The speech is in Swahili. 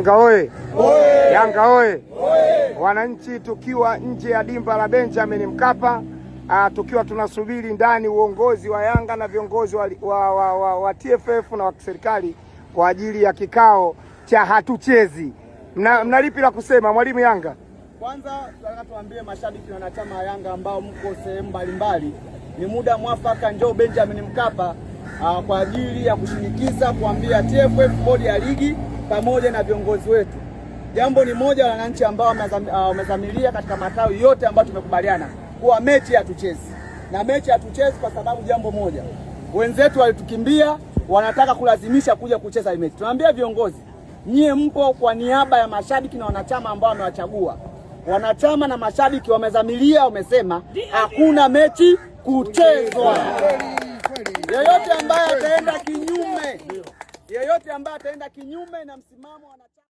Yanga oye! Yanga oye! Wananchi, tukiwa nje ya dimba la Benjamin Mkapa, uh, tukiwa tunasubiri ndani uongozi wa Yanga na viongozi wa, wa, wa, wa, wa TFF na wa serikali kwa ajili ya kikao cha hatuchezi. Mna, mna lipi la kusema mwalimu Yanga? Kwanza tunataka tuambie mashabiki na wanachama wa Yanga ambao mko sehemu mbalimbali, ni muda mwafaka, njoo Benjamin Mkapa uh, kwa ajili ya kushinikiza kuambia TFF, bodi ya ligi pamoja na viongozi wetu. Jambo ni moja, wananchi ambao uh, wamezamilia katika matawi yote ambayo tumekubaliana kuwa mechi hatuchezi, na mechi hatuchezi kwa sababu jambo moja, wenzetu walitukimbia, wanataka kulazimisha kuja kucheza mechi. Tunaambia viongozi, nyie mpo kwa niaba ya mashabiki na wanachama ambao wamewachagua. Wanachama na mashabiki wamezamilia, wamesema hakuna mechi kuchezwa. Yeyote ambaye ataenda ambaye ataenda kinyume na msimamo wanachama